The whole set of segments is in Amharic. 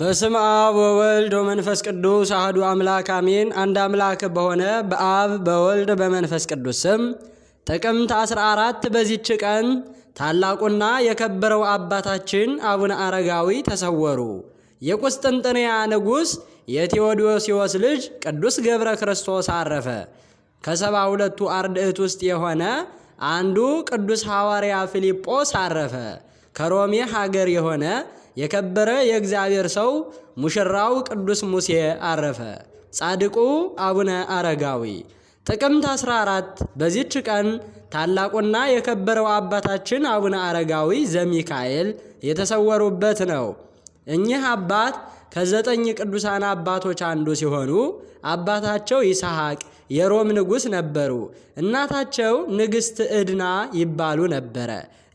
በስም አብ ወወልድ ወመንፈስ ቅዱስ አህዱ አምላክ አሜን። አንድ አምላክ በሆነ በአብ በወልድ በመንፈስ ቅዱስ ስም ጥቅምት 14 በዚች ቀን ታላቁና የከበረው አባታችን አቡነ አረጋዊ ተሰወሩ። የቁስጥንጥንያ ንጉሥ የቴዎዶሲዎስ ልጅ ቅዱስ ገብረ ክርስቶስ አረፈ። ከሰባ ሁለቱ አርድዕት ውስጥ የሆነ አንዱ ቅዱስ ሐዋርያ ፊልጶስ አረፈ። ከሮሜ ሀገር የሆነ የከበረ የእግዚአብሔር ሰው ሙሽራው ቅዱስ ሙሴ አረፈ። ጻድቁ አቡነ አረጋዊ ጥቅምት 14 በዚች ቀን ታላቁና የከበረው አባታችን አቡነ አረጋዊ ዘሚካኤል የተሰወሩበት ነው። እኚህ አባት ከዘጠኝ ቅዱሳን አባቶች አንዱ ሲሆኑ አባታቸው ይስሐቅ የሮም ንጉሥ ነበሩ። እናታቸው ንግሥት ዕድና ይባሉ ነበረ።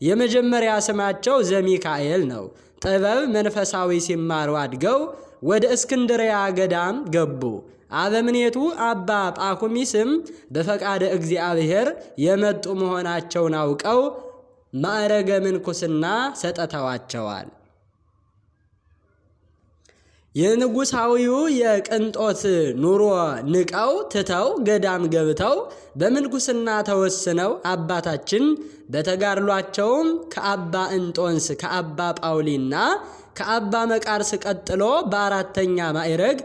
የመጀመሪያ ስማቸው ዘሚካኤል ነው። ጥበብ መንፈሳዊ ሲማሩ አድገው ወደ እስክንድርያ ገዳም ገቡ። አበምኔቱ አባ ጳኩሚስም በፈቃደ እግዚአብሔር የመጡ መሆናቸውን አውቀው ማዕረገ ምንኩስና ሰጥተዋቸዋል። የንጉሳዊው የቅንጦት ኑሮ ንቀው ትተው ገዳም ገብተው በምንኩስና ተወስነው አባታችን በተጋድሏቸውም ከአባ እንጦንስ ከአባ ጳውሊና ከአባ መቃርስ ቀጥሎ በአራተኛ ማዕረግ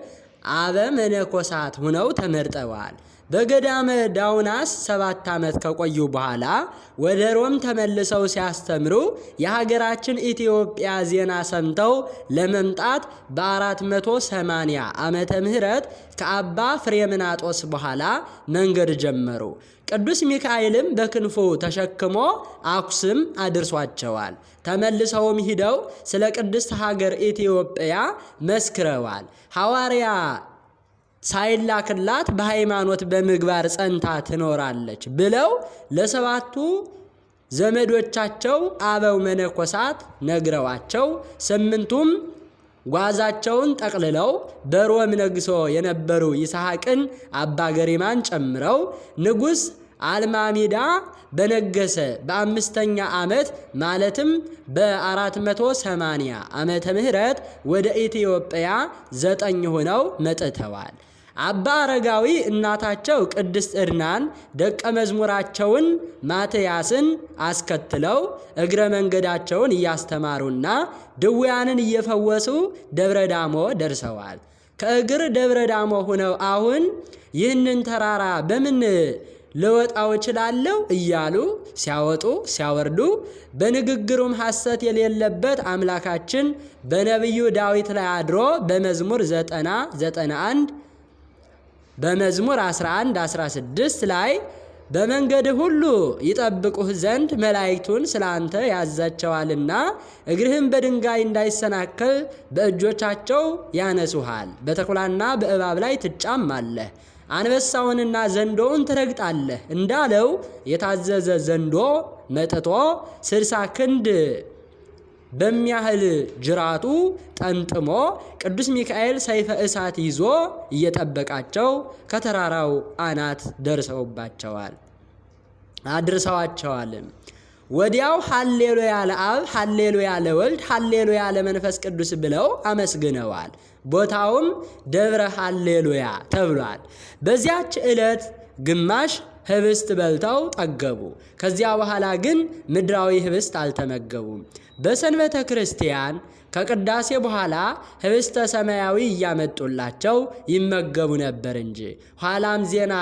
አበ መነኮሳት ሁነው ተመርጠዋል። በገዳመ ዳውናስ ሰባት ዓመት ከቆዩ በኋላ ወደ ሮም ተመልሰው ሲያስተምሩ የሀገራችን ኢትዮጵያ ዜና ሰምተው ለመምጣት በ480 ዓመተ ምህረት ከአባ ፍሬምናጦስ በኋላ መንገድ ጀመሩ። ቅዱስ ሚካኤልም በክንፉ ተሸክሞ አኩስም አድርሷቸዋል። ተመልሰውም ሂደው ስለ ቅድስት ሀገር ኢትዮጵያ መስክረዋል። ሐዋርያ ሳይላክላት በሃይማኖት በምግባር ጸንታ ትኖራለች ብለው ለሰባቱ ዘመዶቻቸው አበው መነኮሳት ነግረዋቸው ስምንቱም ጓዛቸውን ጠቅልለው በሮም ነግሶ የነበሩ ይስሐቅን አባ ገሪማን ጨምረው ንጉሥ አልማሚዳ በነገሰ በአምስተኛ ዓመት ማለትም በ480 ዓመተ ምህረት ወደ ኢትዮጵያ ዘጠኝ ሆነው መጥተዋል። አባ አረጋዊ እናታቸው ቅድስት እርናን ደቀ መዝሙራቸውን ማትያስን አስከትለው እግረ መንገዳቸውን እያስተማሩና ድውያንን እየፈወሱ ደብረ ዳሞ ደርሰዋል። ከእግር ደብረ ዳሞ ሆነው አሁን ይህንን ተራራ በምን ልወጣው እችላለሁ እያሉ ሲያወጡ ሲያወርዱ በንግግሩም ሐሰት የሌለበት አምላካችን በነቢዩ ዳዊት ላይ አድሮ በመዝሙር ዘጠና ዘጠና አንድ በመዝሙር 11 16 ላይ በመንገድ ሁሉ ይጠብቁህ ዘንድ መላእክቱን ስለ አንተ ያዛቸዋልና እግርህም በድንጋይ እንዳይሰናከል በእጆቻቸው ያነሱሃል። በተኩላና በእባብ ላይ ትጫማለህ፣ አንበሳውንና ዘንዶውን ትረግጣለህ እንዳለው የታዘዘ ዘንዶ መጥቶ ስልሳ ክንድ በሚያህል ጅራቱ ጠምጥሞ ቅዱስ ሚካኤል ሰይፈ እሳት ይዞ እየጠበቃቸው ከተራራው አናት ደርሰውባቸዋል አድርሰዋቸዋልም። ወዲያው ሀሌሎ ለአብ፣ ሀሌሉያ ለወልድ፣ ያለ ለመንፈስ ቅዱስ ብለው አመስግነዋል። ቦታውም ደብረ ሀሌሉያ ተብሏል። በዚያች ዕለት ግማሽ ህብስት በልተው ጠገቡ። ከዚያ በኋላ ግን ምድራዊ ህብስት አልተመገቡም። በሰንበተ ክርስቲያን ከቅዳሴ በኋላ ህብስተ ሰማያዊ እያመጡላቸው ይመገቡ ነበር እንጂ ኋላም ዜና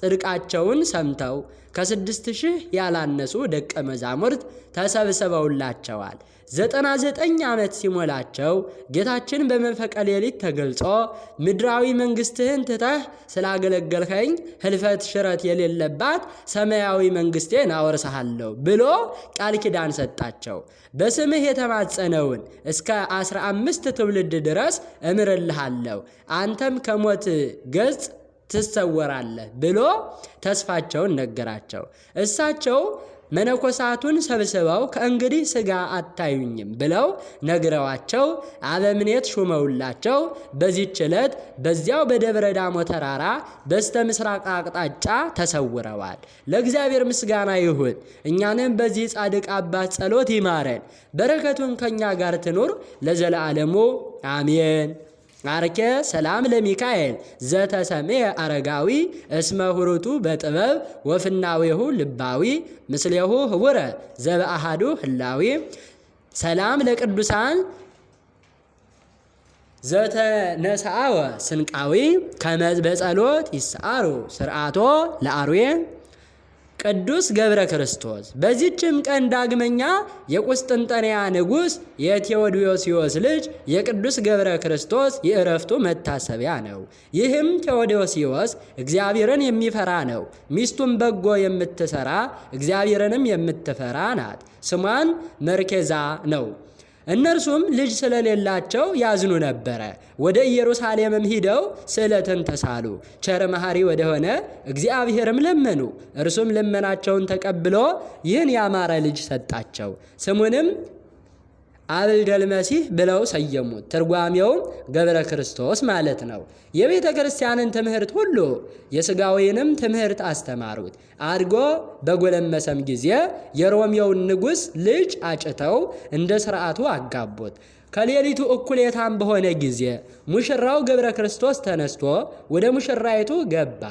ጽድቃቸውን ሰምተው ከስድስት ሺህ ያላነሱ ደቀ መዛሙርት ተሰብስበውላቸዋል። ዘጠና ዘጠኝ ዓመት ሲሞላቸው ጌታችን በመንፈቀ ሌሊት ተገልጾ ምድራዊ መንግሥትህን ትተህ ስላገለገልኸኝ ህልፈት ሽረት የሌለባት ሰማያዊ መንግሥቴን አወርሰሃለሁ ብሎ ቃል ኪዳን ሰጣቸው። በስምህ የተማጸነውን እስከ አስራ አምስት ትውልድ ድረስ እምርልሃለሁ አንተም ከሞት ገጽ ትሰወራለህ ብሎ ተስፋቸውን ነገራቸው። እሳቸው መነኮሳቱን ሰብስበው ከእንግዲህ ሥጋ አታዩኝም ብለው ነግረዋቸው አበምኔት ሹመውላቸው በዚህ ዕለት በዚያው በደብረ ዳሞ ተራራ በስተ ምስራቅ አቅጣጫ ተሰውረዋል። ለእግዚአብሔር ምስጋና ይሁን። እኛንም በዚህ ጻድቅ አባት ጸሎት ይማረን፣ በረከቱን ከእኛ ጋር ትኑር ለዘለዓለሙ አሜን። አርኬ ሰላም ለሚካኤል ዘተሰሜ አረጋዊ እስመ ሁሩቱ በጥበብ ወፍናዊሁ ልባዊ ምስሌሁ ህቡረ ዘበአሃዱ ህላዊ ሰላም ለቅዱሳን ዘተነሳወ ስንቃዊ ከመዝ በጸሎት ይስአሩ ስርዓቶ ለአርዌ ቅዱስ ገብረ ክርስቶስ። በዚችም ቀን ዳግመኛ የቁስጥንጠንያ ንጉሥ የቴዎዶሲዎስ ልጅ የቅዱስ ገብረ ክርስቶስ የእረፍቱ መታሰቢያ ነው። ይህም ቴዎዶሲዎስ እግዚአብሔርን የሚፈራ ነው። ሚስቱም በጎ የምትሰራ እግዚአብሔርንም የምትፈራ ናት። ስሟን መርኬዛ ነው። እነርሱም ልጅ ስለሌላቸው ያዝኑ ነበረ። ወደ ኢየሩሳሌምም ሂደው ስዕለትን ተሳሉ። ቸር መሐሪ ወደሆነ እግዚአብሔርም ለመኑ። እርሱም ልመናቸውን ተቀብሎ ይህን ያማረ ልጅ ሰጣቸው። ስሙንም አብልደል መሲህ ብለው ሰየሙት። ትርጓሜውም ገብረ ክርስቶስ ማለት ነው። የቤተ ክርስቲያንን ትምህርት ሁሉ የሥጋዊንም ትምህርት አስተማሩት። አድጎ በጎለመሰም ጊዜ የሮሜውን ንጉሥ ልጅ አጭተው እንደ ሥርዓቱ አጋቡት። ከሌሊቱ እኩሌታም በሆነ ጊዜ ሙሽራው ገብረ ክርስቶስ ተነስቶ ወደ ሙሽራይቱ ገባ።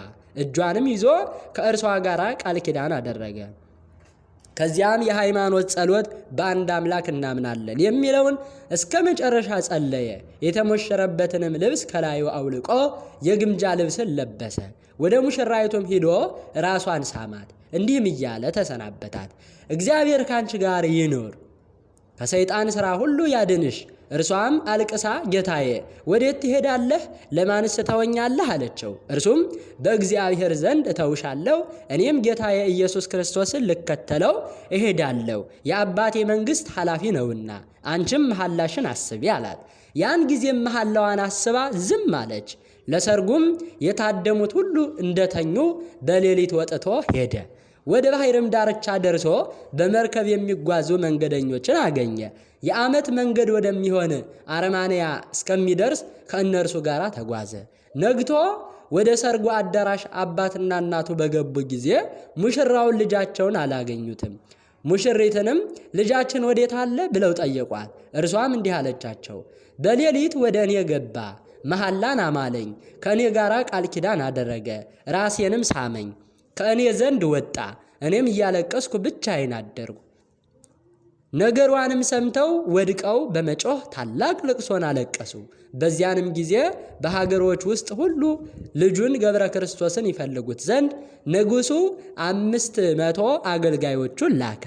እጇንም ይዞ ከእርሷ ጋር ቃል ኪዳን አደረገ። ከዚያም የሃይማኖት ጸሎት በአንድ አምላክ እናምናለን የሚለውን እስከ መጨረሻ ጸለየ። የተሞሸረበትንም ልብስ ከላዩ አውልቆ የግምጃ ልብስን ለበሰ። ወደ ሙሽራይቱም ሂዶ ራሷን ሳማት። እንዲህም እያለ ተሰናበታት። እግዚአብሔር ካንቺ ጋር ይኑር፣ ከሰይጣን ሥራ ሁሉ ያድንሽ እርሷም አልቅሳ ጌታዬ ወዴት ትሄዳለህ? ለማንስ ተወኛለህ? አለችው። እርሱም በእግዚአብሔር ዘንድ እተውሻለሁ፣ እኔም ጌታዬ ኢየሱስ ክርስቶስን ልከተለው እሄዳለሁ፣ የአባቴ መንግሥት ኃላፊ ነውና አንቺም መሐላሽን አስቢ አላት። ያን ጊዜም መሐላዋን አስባ ዝም አለች። ለሰርጉም የታደሙት ሁሉ እንደተኙ በሌሊት ወጥቶ ሄደ። ወደ ባህርም ዳርቻ ደርሶ በመርከብ የሚጓዙ መንገደኞችን አገኘ። የዓመት መንገድ ወደሚሆን አረማንያ እስከሚደርስ ከእነርሱ ጋር ተጓዘ። ነግቶ ወደ ሰርጉ አዳራሽ አባትና እናቱ በገቡ ጊዜ ሙሽራውን ልጃቸውን አላገኙትም። ሙሽሪትንም ልጃችን ወዴት አለ ብለው ጠየቋት። እርሷም እንዲህ አለቻቸው፣ በሌሊት ወደ እኔ ገባ፣ መሐላን አማለኝ፣ ከእኔ ጋር ቃል ኪዳን አደረገ፣ ራሴንም ሳመኝ ከእኔ ዘንድ ወጣ። እኔም እያለቀስኩ ብቻዬን አደርኩ። ነገሯንም ሰምተው ወድቀው በመጮህ ታላቅ ልቅሶን አለቀሱ። በዚያንም ጊዜ በሀገሮች ውስጥ ሁሉ ልጁን ገብረ ክርስቶስን ይፈልጉት ዘንድ ንጉሡ አምስት መቶ አገልጋዮቹን ላከ።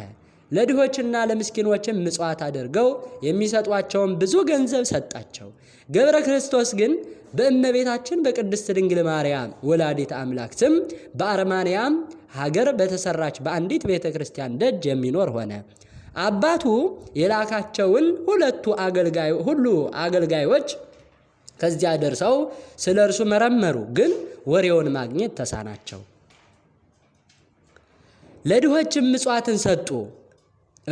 ለድሆችና ለምስኪኖችም ምጽዋት አድርገው የሚሰጧቸውን ብዙ ገንዘብ ሰጣቸው። ገብረ ክርስቶስ ግን በእመቤታችን በቅድስት ድንግል ማርያም ወላዲት አምላክ ስም በአርማንያም ሀገር በተሰራች በአንዲት ቤተ ክርስቲያን ደጅ የሚኖር ሆነ። አባቱ የላካቸውን ሁለቱ ሁሉ አገልጋዮች ከዚያ ደርሰው ስለ እርሱ መረመሩ፣ ግን ወሬውን ማግኘት ተሳናቸው። ለድሆችም ምጽዋትን ሰጡ፣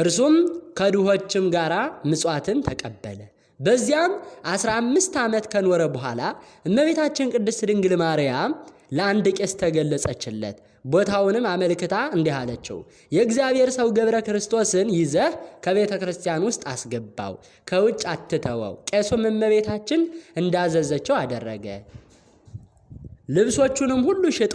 እርሱም ከድሆችም ጋር ምጽዋትን ተቀበለ። በዚያም 15 ዓመት ከኖረ በኋላ እመቤታችን ቅድስት ድንግል ማርያም ለአንድ ቄስ ተገለጸችለት። ቦታውንም አመልክታ እንዲህ አለችው፣ የእግዚአብሔር ሰው ገብረ ክርስቶስን ይዘህ ከቤተ ክርስቲያን ውስጥ አስገባው፣ ከውጭ አትተወው። ቄሱም እመቤታችን እንዳዘዘችው አደረገ። ልብሶቹንም ሁሉ ሽጦ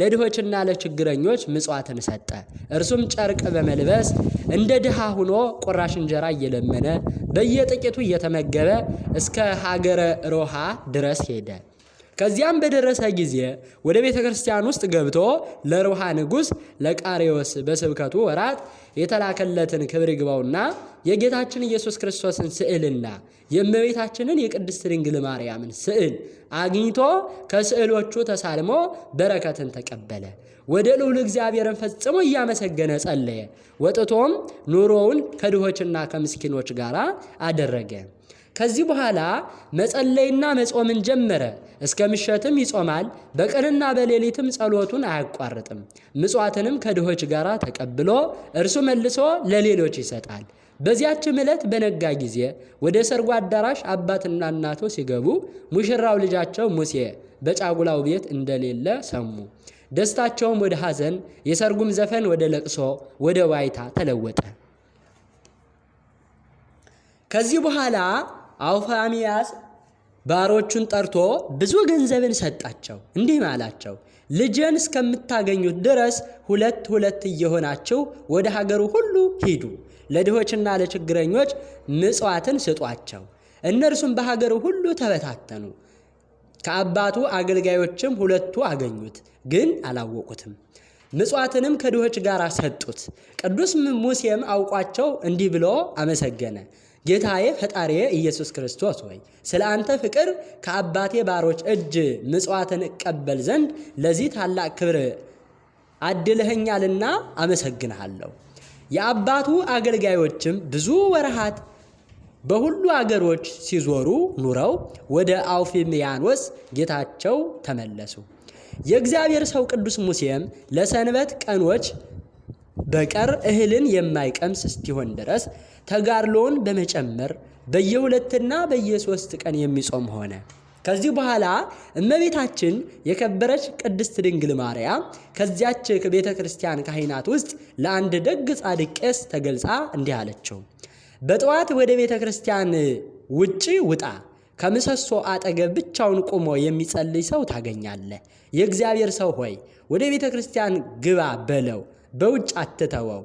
ለድሆችና ለችግረኞች ምጽዋትን ሰጠ። እርሱም ጨርቅ በመልበስ እንደ ድሃ ሆኖ ቁራሽ እንጀራ እየለመነ በየጥቂቱ እየተመገበ እስከ ሀገረ ሮሃ ድረስ ሄደ። ከዚያም በደረሰ ጊዜ ወደ ቤተ ክርስቲያን ውስጥ ገብቶ ለሩሃ ንጉሥ ለቃሪዎስ በስብከቱ ወራት የተላከለትን ክብር ይግባውና የጌታችን ኢየሱስ ክርስቶስን ስዕልና የእመቤታችንን የቅድስት ድንግል ማርያምን ስዕል አግኝቶ ከስዕሎቹ ተሳልሞ በረከትን ተቀበለ። ወደ ልዑል እግዚአብሔርን ፈጽሞ እያመሰገነ ጸለየ። ወጥቶም ኑሮውን ከድሆችና ከምስኪኖች ጋር አደረገ። ከዚህ በኋላ መጸለይና መጾምን ጀመረ። እስከ ምሸትም ይጾማል። በቀንና በሌሊትም ጸሎቱን አያቋርጥም። ምጽዋትንም ከድሆች ጋር ተቀብሎ እርሱ መልሶ ለሌሎች ይሰጣል። በዚያችም ዕለት በነጋ ጊዜ ወደ ሰርጉ አዳራሽ አባትና እናቶ ሲገቡ ሙሽራው ልጃቸው ሙሴ በጫጉላው ቤት እንደሌለ ሰሙ። ደስታቸውም ወደ ሐዘን፣ የሰርጉም ዘፈን ወደ ለቅሶ፣ ወደ ዋይታ ተለወጠ። ከዚህ በኋላ አውፋሚያስ ባሮቹን ጠርቶ ብዙ ገንዘብን ሰጣቸው፣ እንዲህ አላቸው፣ ልጄን እስከምታገኙት ድረስ ሁለት ሁለት እየሆናችሁ ወደ ሀገሩ ሁሉ ሂዱ፣ ለድሆችና ለችግረኞች ምጽዋትን ስጧቸው። እነርሱም በሀገሩ ሁሉ ተበታተኑ። ከአባቱ አገልጋዮችም ሁለቱ አገኙት፣ ግን አላወቁትም። ምጽዋትንም ከድሆች ጋር ሰጡት። ቅዱስ ሙሴም አውቋቸው እንዲህ ብሎ አመሰገነ። ጌታዬ ፈጣሪዬ ኢየሱስ ክርስቶስ ሆይ ስለ አንተ ፍቅር ከአባቴ ባሮች እጅ ምጽዋትን እቀበል ዘንድ ለዚህ ታላቅ ክብር አድልህኛልና አመሰግንሃለሁ። የአባቱ አገልጋዮችም ብዙ ወርሃት በሁሉ አገሮች ሲዞሩ ኑረው ወደ አውፊምያኖስ ጌታቸው ተመለሱ። የእግዚአብሔር ሰው ቅዱስ ሙሴም ለሰንበት ቀኖች በቀር እህልን የማይቀምስ እስኪሆን ድረስ ተጋድሎውን በመጨመር በየሁለትና በየሶስት ቀን የሚጾም ሆነ። ከዚህ በኋላ እመቤታችን የከበረች ቅድስት ድንግል ማርያም ከዚያች ቤተ ክርስቲያን ካህናት ውስጥ ለአንድ ደግ ጻድቅ ቄስ ተገልጻ እንዲህ አለችው። በጠዋት ወደ ቤተ ክርስቲያን ውጪ ውጣ። ከምሰሶ አጠገብ ብቻውን ቆሞ የሚጸልይ ሰው ታገኛለህ። የእግዚአብሔር ሰው ሆይ ወደ ቤተ ክርስቲያን ግባ በለው። በውጭ አትተወው።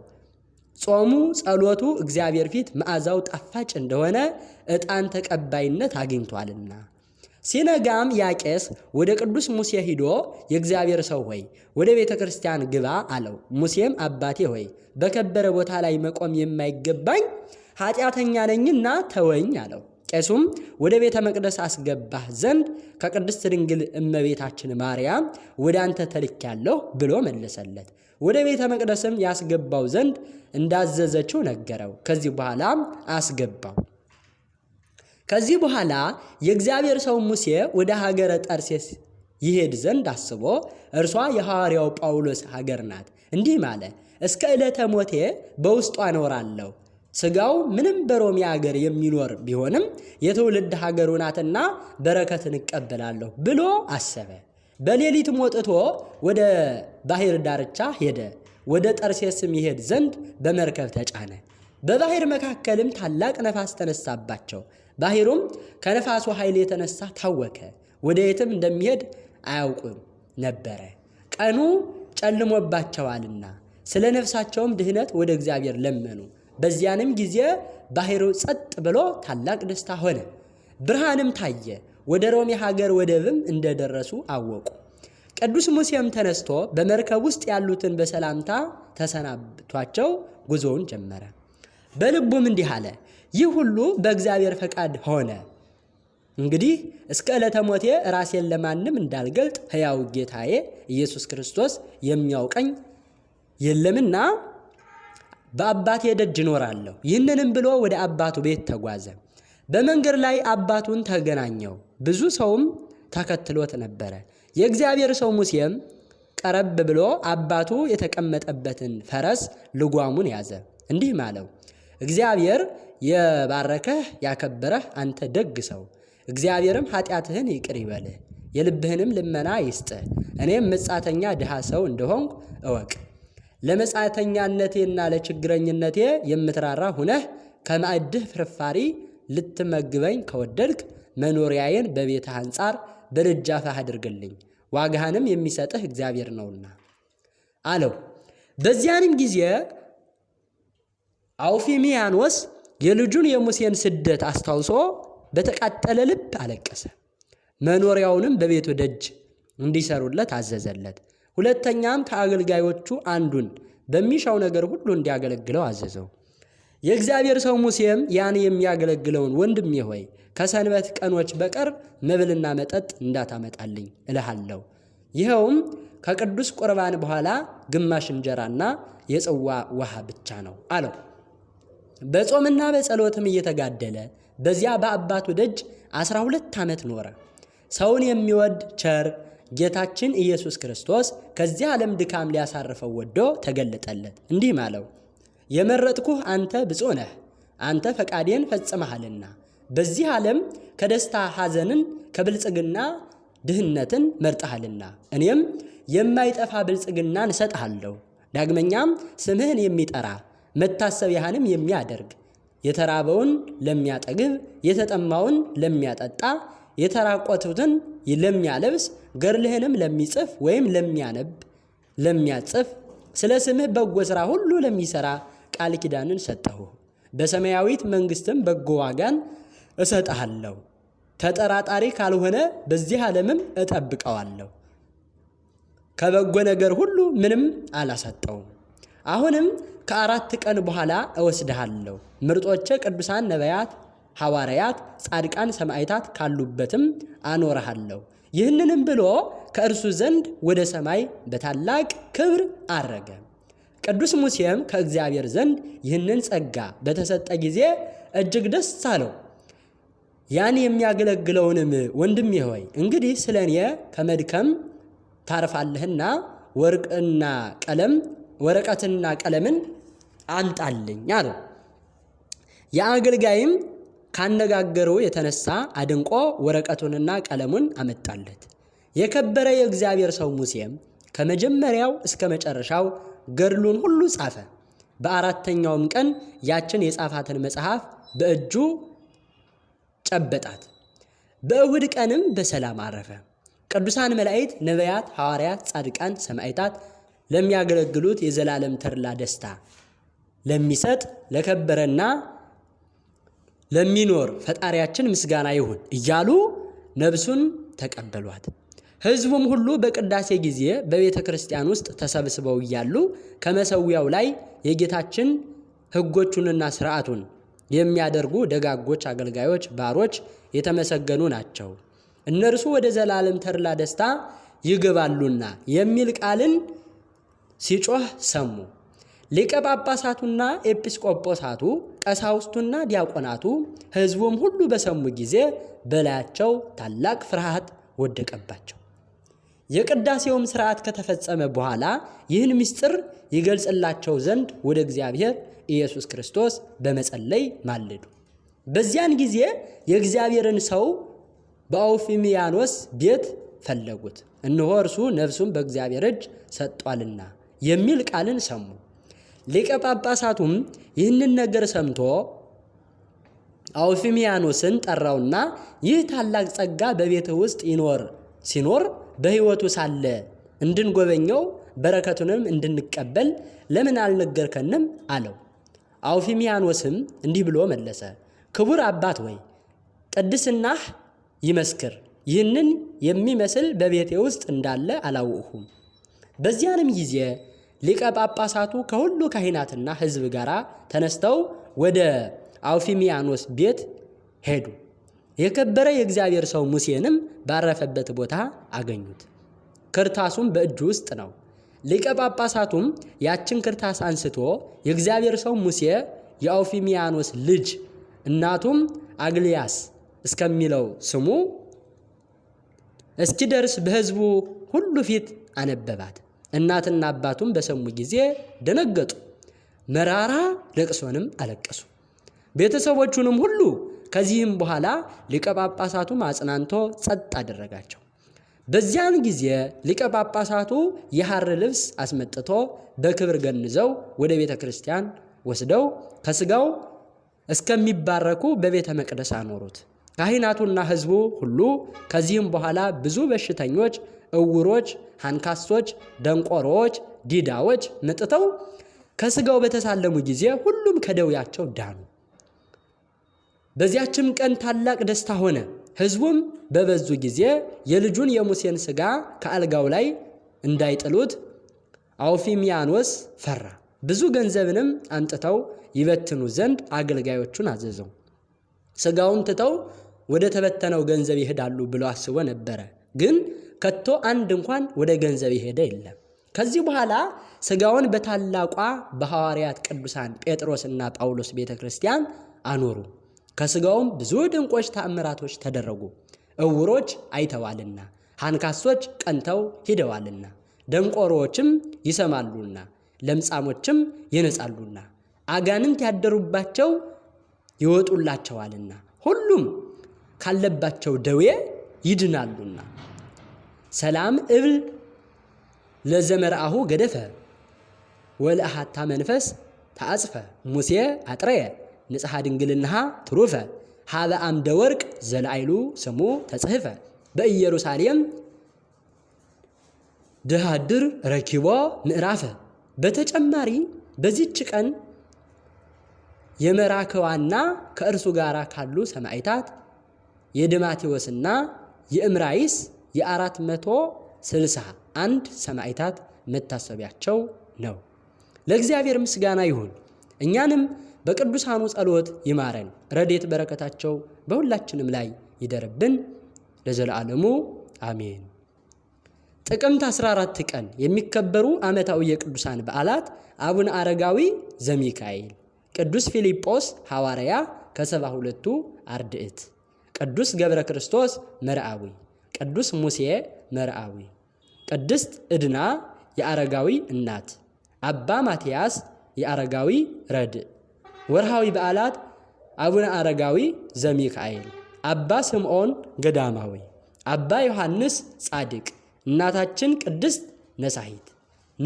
ጾሙ፣ ጸሎቱ እግዚአብሔር ፊት መዓዛው ጣፋጭ እንደሆነ ዕጣን ተቀባይነት አግኝቷልና። ሲነጋም ያቄስ ወደ ቅዱስ ሙሴ ሂዶ የእግዚአብሔር ሰው ሆይ ወደ ቤተ ክርስቲያን ግባ አለው። ሙሴም አባቴ ሆይ በከበረ ቦታ ላይ መቆም የማይገባኝ ኃጢአተኛ ነኝና ተወኝ አለው። ቄሱም ወደ ቤተ መቅደስ አስገባህ ዘንድ ከቅድስት ድንግል እመቤታችን ማርያም ወደ አንተ ተልኬያለሁ ብሎ መለሰለት። ወደ ቤተ መቅደስም ያስገባው ዘንድ እንዳዘዘችው ነገረው። ከዚህ በኋላም አስገባው። ከዚህ በኋላ የእግዚአብሔር ሰው ሙሴ ወደ ሀገረ ጠርሴስ ይሄድ ዘንድ አስቦ፣ እርሷ የሐዋርያው ጳውሎስ ሀገር ናት። እንዲህ ማለ፣ እስከ ዕለተ ሞቴ በውስጧ እኖራለሁ። ስጋው ምንም በሮሜ ሀገር የሚኖር ቢሆንም የትውልድ ሀገሩ ናትና በረከትን እቀበላለሁ ብሎ አሰበ። በሌሊትም ወጥቶ ወደ ባህር ዳርቻ ሄደ። ወደ ጠርሴስም ይሄድ ዘንድ በመርከብ ተጫነ። በባህር መካከልም ታላቅ ነፋስ ተነሳባቸው። ባህሩም ከነፋሱ ኃይል የተነሳ ታወከ። ወደ የትም እንደሚሄድ አያውቁም ነበረ፣ ቀኑ ጨልሞባቸዋልና። ስለ ነፍሳቸውም ድህነት ወደ እግዚአብሔር ለመኑ። በዚያንም ጊዜ ባህሩ ጸጥ ብሎ ታላቅ ደስታ ሆነ፣ ብርሃንም ታየ። ወደ ሮሜ ሀገር ወደብም እንደደረሱ አወቁ። ቅዱስ ሙሴም ተነስቶ በመርከብ ውስጥ ያሉትን በሰላምታ ተሰናብቷቸው ጉዞውን ጀመረ። በልቡም እንዲህ አለ፣ ይህ ሁሉ በእግዚአብሔር ፈቃድ ሆነ። እንግዲህ እስከ ዕለተ ሞቴ ራሴን ለማንም እንዳልገልጥ ሕያው ጌታዬ ኢየሱስ ክርስቶስ የሚያውቀኝ የለምና በአባቴ ደጅ እኖራለሁ። ይህንንም ብሎ ወደ አባቱ ቤት ተጓዘ። በመንገድ ላይ አባቱን ተገናኘው፣ ብዙ ሰውም ተከትሎት ነበረ። የእግዚአብሔር ሰው ሙሴም ቀረብ ብሎ አባቱ የተቀመጠበትን ፈረስ ልጓሙን ያዘ፣ እንዲህ ማለው፣ እግዚአብሔር የባረከህ ያከበረህ አንተ ደግ ሰው፣ እግዚአብሔርም ኃጢአትህን ይቅር ይበልህ የልብህንም ልመና ይስጥህ። እኔም መጻተኛ ድሃ ሰው እንደሆንኩ እወቅ። ለመጻተኛነቴና ለችግረኝነቴ የምትራራ ሁነህ ከማዕድህ ፍርፋሪ ልትመግበኝ ከወደድክ መኖሪያዬን በቤትህ አንጻር በደጃፍህ አድርግልኝ ዋጋህንም የሚሰጥህ እግዚአብሔር ነውና አለው። በዚያንም ጊዜ አውፊሚያኖስ የልጁን የሙሴን ስደት አስታውሶ በተቃጠለ ልብ አለቀሰ። መኖሪያውንም በቤቱ ደጅ እንዲሰሩለት አዘዘለት። ሁለተኛም ከአገልጋዮቹ አንዱን በሚሻው ነገር ሁሉ እንዲያገለግለው አዘዘው። የእግዚአብሔር ሰው ሙሴም ያን የሚያገለግለውን ወንድሜ ሆይ ከሰንበት ቀኖች በቀር መብልና መጠጥ እንዳታመጣልኝ እልሃለሁ። ይኸውም ከቅዱስ ቁርባን በኋላ ግማሽ እንጀራና የጽዋ ውሃ ብቻ ነው አለው። በጾምና በጸሎትም እየተጋደለ በዚያ በአባቱ ደጅ አስራ ሁለት ዓመት ኖረ። ሰውን የሚወድ ቸር ጌታችን ኢየሱስ ክርስቶስ ከዚህ ዓለም ድካም ሊያሳርፈው ወዶ ተገለጠለት። እንዲህም አለው የመረጥኩህ አንተ ብፁዕ ነህ፣ አንተ ፈቃዴን ፈጽመሃልና። በዚህ ዓለም ከደስታ ሐዘንን፣ ከብልጽግና ድህነትን መርጠሃልና እኔም የማይጠፋ ብልጽግናን እሰጥሃለሁ። ዳግመኛም ስምህን የሚጠራ መታሰቢያህንም የሚያደርግ የተራበውን ለሚያጠግብ፣ የተጠማውን ለሚያጠጣ፣ የተራቆቱትን ለሚያለብስ፣ ገድልህንም ለሚጽፍ ወይም ለሚያነብ፣ ለሚያጽፍ ስለ ስምህ በጎ ሥራ ሁሉ ለሚሠራ ቃል ኪዳንን ሰጠሁ፣ በሰማያዊት መንግስትም በጎ ዋጋን እሰጥሃለሁ። ተጠራጣሪ ካልሆነ በዚህ ዓለምም እጠብቀዋለሁ። ከበጎ ነገር ሁሉ ምንም አላሰጠውም። አሁንም ከአራት ቀን በኋላ እወስድሃለሁ። ምርጦቼ ቅዱሳን ነቢያት፣ ሐዋርያት፣ ጻድቃን፣ ሰማዕታት ካሉበትም አኖረሃለሁ። ይህንንም ብሎ ከእርሱ ዘንድ ወደ ሰማይ በታላቅ ክብር አረገም። ቅዱስ ሙሴም ከእግዚአብሔር ዘንድ ይህንን ጸጋ በተሰጠ ጊዜ እጅግ ደስ አለው። ያን የሚያገለግለውንም ወንድሜ ሆይ እንግዲህ ስለ እኔ ከመድከም ታርፋለህና ወርቅና ቀለም ወረቀትና ቀለምን አምጣልኝ አለው። የአገልጋይም ካነጋገሩ የተነሳ አድንቆ ወረቀቱንና ቀለሙን አመጣለት። የከበረ የእግዚአብሔር ሰው ሙሴም ከመጀመሪያው እስከ መጨረሻው ገድሉን ሁሉ ጻፈ። በአራተኛውም ቀን ያችን የጻፋትን መጽሐፍ በእጁ ጨበጣት። በእሁድ ቀንም በሰላም አረፈ። ቅዱሳን መላእክት፣ ነቢያት፣ ሐዋርያት፣ ጻድቃን፣ ሰማዕታት ለሚያገለግሉት የዘላለም ተድላ ደስታ ለሚሰጥ ለከበረና ለሚኖር ፈጣሪያችን ምስጋና ይሁን እያሉ ነብሱን ተቀበሏት። ሕዝቡም ሁሉ በቅዳሴ ጊዜ በቤተ ክርስቲያን ውስጥ ተሰብስበው እያሉ ከመሰዊያው ላይ የጌታችን ሕጎቹንና ሥርዓቱን የሚያደርጉ ደጋጎች አገልጋዮች ባሮች የተመሰገኑ ናቸው፣ እነርሱ ወደ ዘላለም ተድላ ደስታ ይገባሉና የሚል ቃልን ሲጮህ ሰሙ። ሊቀ ጳጳሳቱና ኤጲስቆጶሳቱ ቀሳውስቱና ዲያቆናቱ ሕዝቡም ሁሉ በሰሙ ጊዜ በላያቸው ታላቅ ፍርሃት ወደቀባቸው። የቅዳሴውም ሥርዓት ከተፈጸመ በኋላ ይህን ምስጢር ይገልጽላቸው ዘንድ ወደ እግዚአብሔር ኢየሱስ ክርስቶስ በመጸለይ ማለዱ። በዚያን ጊዜ የእግዚአብሔርን ሰው በአውፊሚያኖስ ቤት ፈለጉት፣ እነሆ እርሱ ነፍሱን በእግዚአብሔር እጅ ሰጥቷልና የሚል ቃልን ሰሙ። ሊቀ ጳጳሳቱም ይህንን ነገር ሰምቶ አውፊሚያኖስን ጠራውና ይህ ታላቅ ጸጋ በቤትህ ውስጥ ይኖር ሲኖር በህይወቱ ሳለ እንድንጎበኘው በረከቱንም እንድንቀበል ለምን አልነገርከንም አለው። አውፊሚያኖስም እንዲህ ብሎ መለሰ፣ ክቡር አባት ወይ ቅድስናህ ይመስክር። ይህንን የሚመስል በቤቴ ውስጥ እንዳለ አላወቅሁም። በዚያንም ጊዜ ሊቀ ጳጳሳቱ ከሁሉ ካህናትና ህዝብ ጋር ተነስተው ወደ አውፊሚያኖስ ቤት ሄዱ። የከበረ የእግዚአብሔር ሰው ሙሴንም ባረፈበት ቦታ አገኙት። ክርታሱም በእጁ ውስጥ ነው። ሊቀ ጳጳሳቱም ያችን ክርታስ አንስቶ የእግዚአብሔር ሰው ሙሴ የአውፊሚያኖስ ልጅ እናቱም አግሊያስ እስከሚለው ስሙ እስኪደርስ በሕዝቡ ሁሉ ፊት አነበባት። እናትና አባቱም በሰሙ ጊዜ ደነገጡ፣ መራራ ለቅሶንም አለቀሱ። ቤተሰቦቹንም ሁሉ ከዚህም በኋላ ሊቀ ጳጳሳቱም አጽናንቶ ጸጥ አደረጋቸው። በዚያን ጊዜ ሊቀ ጳጳሳቱ የሐር ልብስ አስመጥቶ በክብር ገንዘው ወደ ቤተ ክርስቲያን ወስደው ከስጋው እስከሚባረኩ በቤተ መቅደስ አኖሩት። ካህናቱና ሕዝቡ ሁሉ ከዚህም በኋላ ብዙ በሽተኞች፣ እውሮች፣ አንካሶች፣ ደንቆሮዎች፣ ዲዳዎች መጥተው ከስጋው በተሳለሙ ጊዜ ሁሉም ከደውያቸው ዳኑ። በዚያችም ቀን ታላቅ ደስታ ሆነ። ሕዝቡም በበዙ ጊዜ የልጁን የሙሴን ሥጋ ከአልጋው ላይ እንዳይጥሉት አውፊሚያኖስ ፈራ። ብዙ ገንዘብንም አምጥተው ይበትኑ ዘንድ አገልጋዮቹን አዘዘው። ሥጋውን ትተው ወደ ተበተነው ገንዘብ ይሄዳሉ ብሎ አስቦ ነበረ። ግን ከቶ አንድ እንኳን ወደ ገንዘብ የሄደ የለም። ከዚህ በኋላ ሥጋውን በታላቋ በሐዋርያት ቅዱሳን ጴጥሮስና ጳውሎስ ቤተ ክርስቲያን አኖሩ። ከስጋውም ብዙ ድንቆች ተአምራቶች ተደረጉ። እውሮች አይተዋልና፣ አንካሶች ቀንተው ሂደዋልና፣ ደንቆሮዎችም ይሰማሉና፣ ለምጻሞችም ይነጻሉና፣ አጋንንት ያደሩባቸው ይወጡላቸዋልና፣ ሁሉም ካለባቸው ደዌ ይድናሉና። ሰላም እብል ለዘመርአሁ ገደፈ ወለአሃታ መንፈስ ተአጽፈ ሙሴ አጥረየ ንጽሐ ድንግልናሃ ትሩፈ ሀበ አምደ ወርቅ ዘለአይሉ ስሙ ተጽህፈ በኢየሩሳሌም ድሃድር ረኪቦ ምዕራፈ በተጨማሪ በዚች ቀን የመራከዋና ከእርሱ ጋር ካሉ ሰማይታት የድማቴዎስና የእምራይስ የአራት መቶ ስልሳ አንድ ሰማይታት መታሰቢያቸው ነው። ለእግዚአብሔር ምስጋና ይሁን እኛንም በቅዱሳኑ ጸሎት ይማረን። ረዴት በረከታቸው በሁላችንም ላይ ይደርብን ለዘላለሙ አሜን። ጥቅምት 14 ቀን የሚከበሩ ዓመታዊ የቅዱሳን በዓላት አቡነ አረጋዊ ዘሚካኤል፣ ቅዱስ ፊልጶስ ሐዋርያ ከሰባ ሁለቱ አርድእት፣ ቅዱስ ገብረ ክርስቶስ መርአዊ፣ ቅዱስ ሙሴ መርአዊ፣ ቅድስት ዕድና የአረጋዊ እናት፣ አባ ማትያስ የአረጋዊ ረድእ ወርሃዊ በዓላት አቡነ አረጋዊ ዘሚካኤል፣ አባ ስምዖን ገዳማዊ፣ አባ ዮሐንስ ጻድቅ፣ እናታችን ቅድስት ነሳሂት።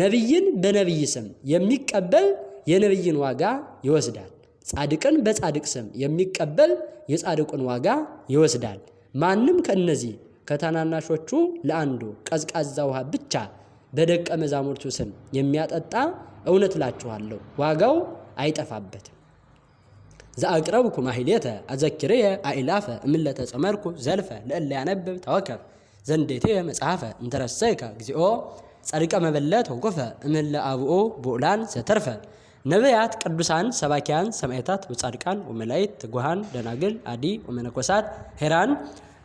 ነቢይን በነቢይ ስም የሚቀበል የነቢይን ዋጋ ይወስዳል። ጻድቅን በጻድቅ ስም የሚቀበል የጻድቁን ዋጋ ይወስዳል። ማንም ከእነዚህ ከታናናሾቹ ለአንዱ ቀዝቃዛ ውሃ ብቻ በደቀ መዛሙርቱ ስም የሚያጠጣ እውነት እላችኋለሁ ዋጋው አይጠፋበትም። ዘአቅረብኩ ማሂሌተ አዘኪርየ አኢላፈ እምለተ ጸመርኩ ዘልፈ ለእለ ያነብብ ተወከብ ዘንዴትየ መጽሐፈ እንተረሰይከ እግዚኦ ጸድቀ መበለት ወቁፈ እምህለ አብኡ ብኡላን ዘተርፈ ነቢያት፣ ቅዱሳን፣ ሰባኪያን፣ ሰማዕታት ወጻድቃን ወመላእክት፣ ትጉሃን፣ ደናግል፣ አዲ ወመነኮሳት ሄራን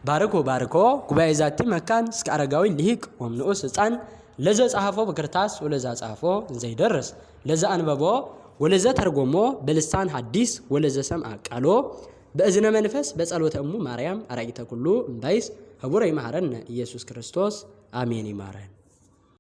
ባርኮ ባርኮ ጉባኤ ዛቲ መካን እስከ አረጋዊ ሊሂቅ ወምንኡስ ህፃን ለዘ ጸሐፎ በክርታስ ወለዛ ጸሐፎ ዘይደርስ ለዛ አንበቦ ወለዘ ተርጎሞ በልሳን ሐዲስ ወለዘ ሰምዐ ቃሎ በእዝነ መንፈስ በጸሎተ እሙ ማርያም አራይተ ኩሉ እምባይስ ህቡረ ይማረን ኢየሱስ ክርስቶስ አሜን ይማረን።